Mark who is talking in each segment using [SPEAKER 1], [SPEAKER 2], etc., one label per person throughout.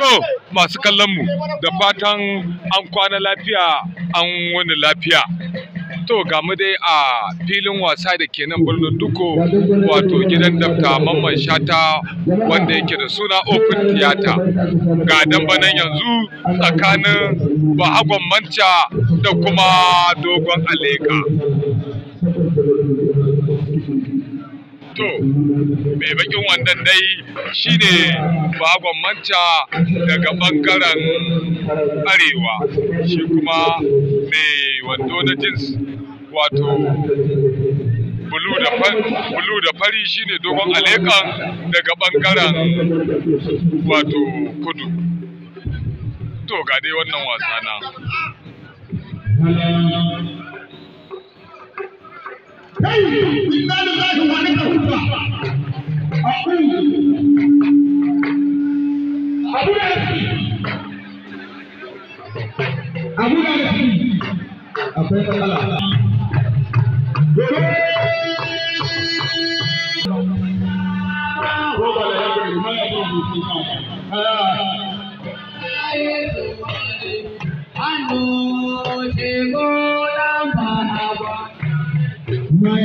[SPEAKER 1] To masu kallon mu da fatan an kwana lafiya an wani lafiya. To ga mu dai a filin wasa da ke nan birnin Duko wato gidan dafta Mamman Shata wanda yake da suna Open Theater. Ga dambanan yanzu tsakanin Bahagon Manca da kuma Dogon Aleka. to mai bakin wannan dai shine bagon manta daga bangaren arewa shi kuma mai wando na jins wato bulu da fari shine dogon alekan daga bangaren wato kudu to ga dai wannan wasa na
[SPEAKER 2] kai inna abu da da da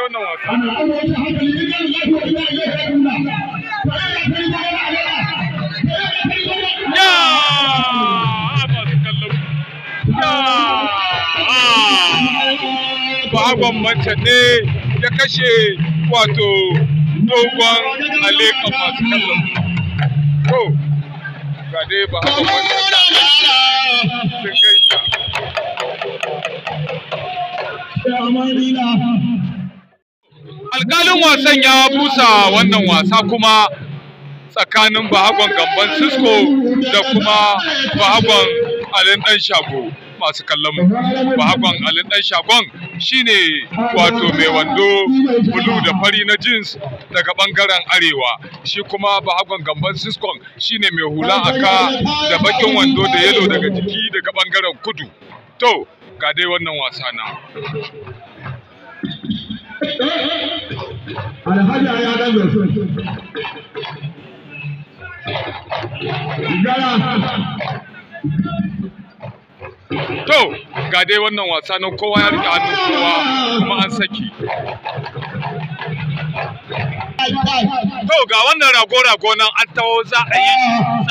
[SPEAKER 1] daidai wannan wasa Bagon ne ya kashe wato dogon alekan masu kallon. ga dai Wannan wasan ya busa wannan wasa kuma tsakanin bahagon gamban Cisco da kuma bahagon alin dan shago masu kallon mu bahagon alin dan shagon shine wato mai wando bulu da fari na jeans daga bangaren arewa shi kuma bahagon gamban Cisco shine mai hula aka da bakin wando da yalo daga jiki daga bangaren kudu to ga dai wannan wasa na ya to ga dai wannan wasa na kowa ya rike hannun kowa kuma an saki to ga wannan rago-rago nan an tawo za a yi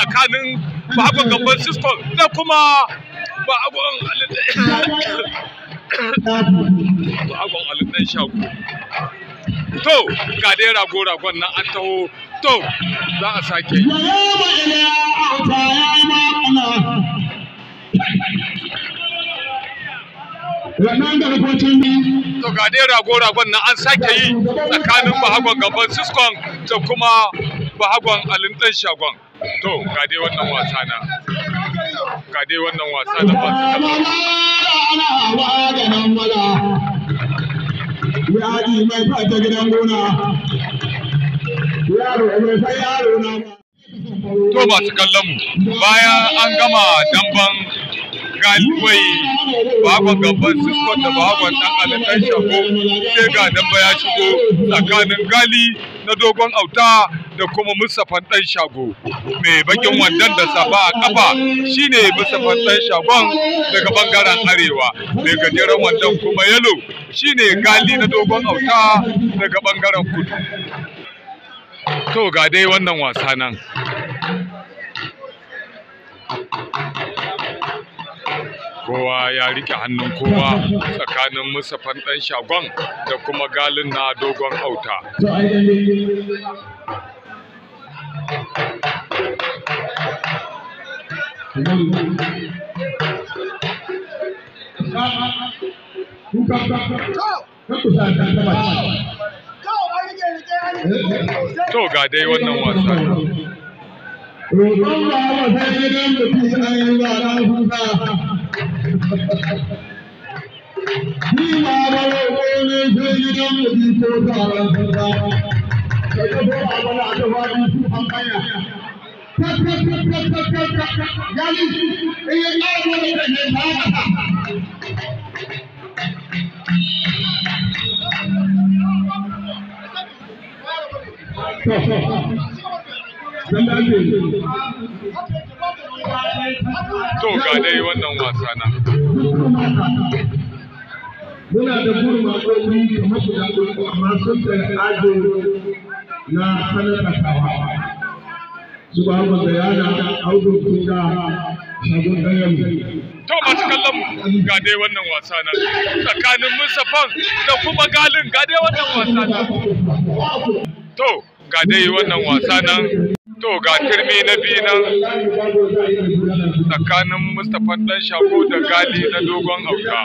[SPEAKER 1] tsakanin ba gaban siskon da kuma bagon Ragon alifin shago. To, ga dai rago ragon nan an taho, to, za a sake. To ga dai rago ragon nan an sake yi tsakanin bahagon gaban Siskon da kuma bahagon alin shagon. To ga dai wannan wasa na. Ga dai wannan wasa na ba su
[SPEAKER 2] ana maganin maza yaɗi mai fata gidan gona yaro mai sai yaro na to
[SPEAKER 1] ba su kallon mu baya an gama damban galibai bakon gaban sisko da bakon dan alitan shago sai ga damba ya shigo tsakanin gali na dogon auta da kuma musafan ɗan shago mai bakin wandan da saba a kafa shine musafan ɗan shagon daga bangaren arewa mai gajeren wandan kuma yalo shine gali na dogon auta daga bangaren kudu to ga dai wannan wasa nan kowa ya rike hannun kowa tsakanin musafan ɗan shagon da kuma galin na dogon auta
[SPEAKER 2] To ga dai wannan wasa. ni ka To ga dai wannan wasa na. muna da gurma ƙoƙi kamar guda uku amma sun tsaye ajo na sanatawa su ba mu da yana
[SPEAKER 1] audu kuka shagun ɗayan to masu kallon mu ga dai wannan wasa na tsakanin Musa fan da kuma galin ga dai wannan wasa na to ga dai wannan wasa na. to ga turmi na biyu tsakanin mustapha dan shako da gali na dogon auka.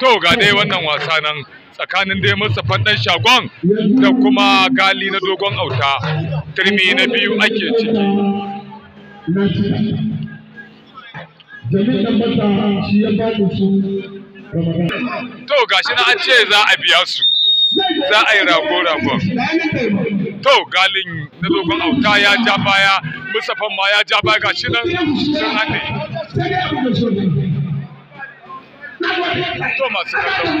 [SPEAKER 1] To ga dai wannan wasa nan tsakanin dai Mustapha dan shagon da kuma gali na dogon auta turmi na biyu ake ciki to gashi na an ce za a biya su za a yi rago-ragon to galin na dogon auta ya ja baya Mustapha ma ya ja baya gashi nan sun haɗe to masu kallon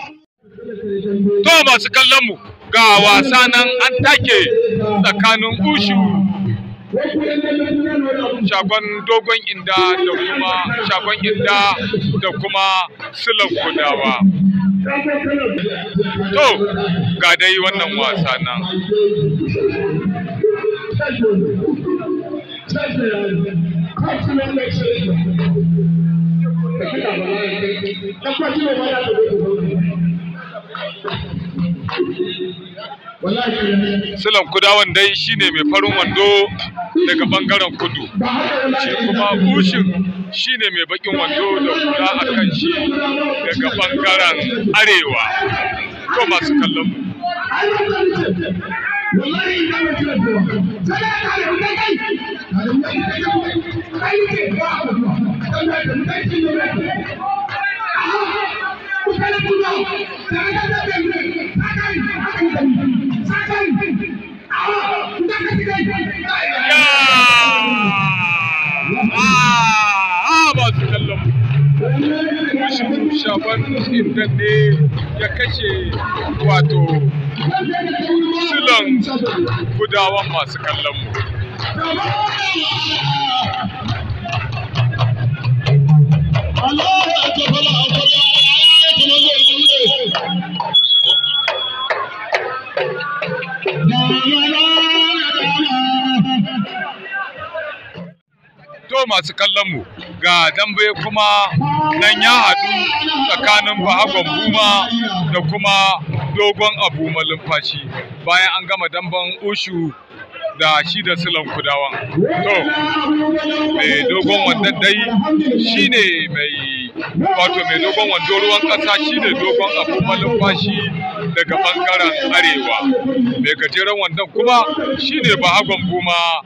[SPEAKER 1] to masu kallon mu ga wasa nan an take tsakanin ushu shagon dogon inda da kuma shagon inda da kuma silan kudawa to ga dai wannan wasa nan
[SPEAKER 2] Thank you.
[SPEAKER 1] Sulam kudawan dai shine mai farin wando daga bangaren kudu, shi kuma bushin shine mai bakin wando da kula a kan shi daga bangaren arewa. Ko masu kallon mu. shafan ingan ne ya kashe wato silan gudawan masu kallon mu.
[SPEAKER 2] Allah ya
[SPEAKER 1] masu kallon mu ga dambe kuma nan ya haɗu tsakanin bahagon buma da kuma dogon abu malumfashi bayan an gama damben ushu da shi da silan kudawan to
[SPEAKER 2] mai dogon wannan dai shine mai wato mai dogon wando ruwan kasa ne dogon
[SPEAKER 1] abu malumfashi daga bangaren arewa mai gajeren wannan kuma shine bahagon buma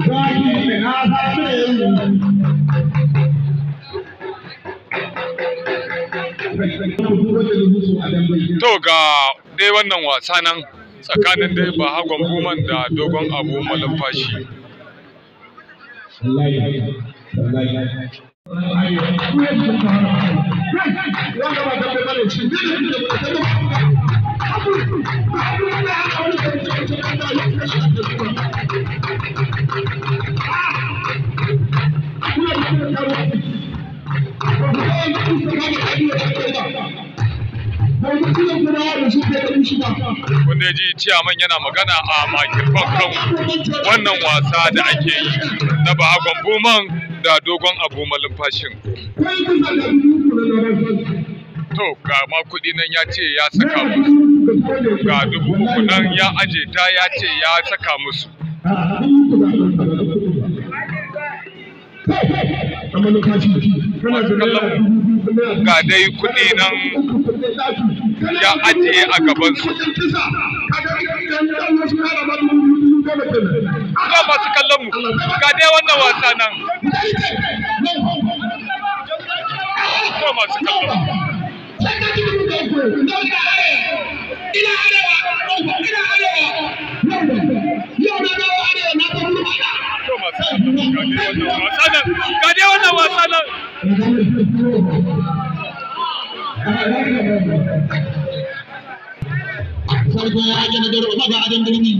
[SPEAKER 1] zaki To ga dai wannan wasa nan tsakanin dai ba hagon buman da dogon abu malumfashi.
[SPEAKER 2] Thank Wanda
[SPEAKER 1] ji ciyaman yana magana a makirfan kan wannan wasa da ake yi na bahagon buman da dogon abu malumfashin. To ga ma kuɗi nan ya ce ya saka musu, ga dubu uku nan ya aje ta ya ce ya saka musu. ga dai
[SPEAKER 2] kuɗi nan ya ajiye a su. ga masu
[SPEAKER 1] kallon mu ga dai wannan wasa nan ga masu kallon
[SPEAKER 2] mu ina ga dai wannan wasa nan Sarki ya ake na birni.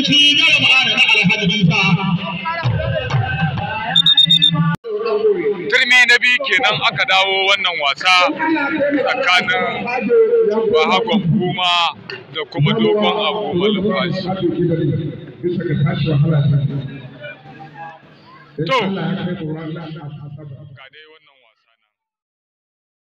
[SPEAKER 2] sarki na raba'a
[SPEAKER 1] da turmi na biyu kenan aka dawo wannan wasa tsakanin bahagon kuma
[SPEAKER 2] da kuma dogon abu malumfashi to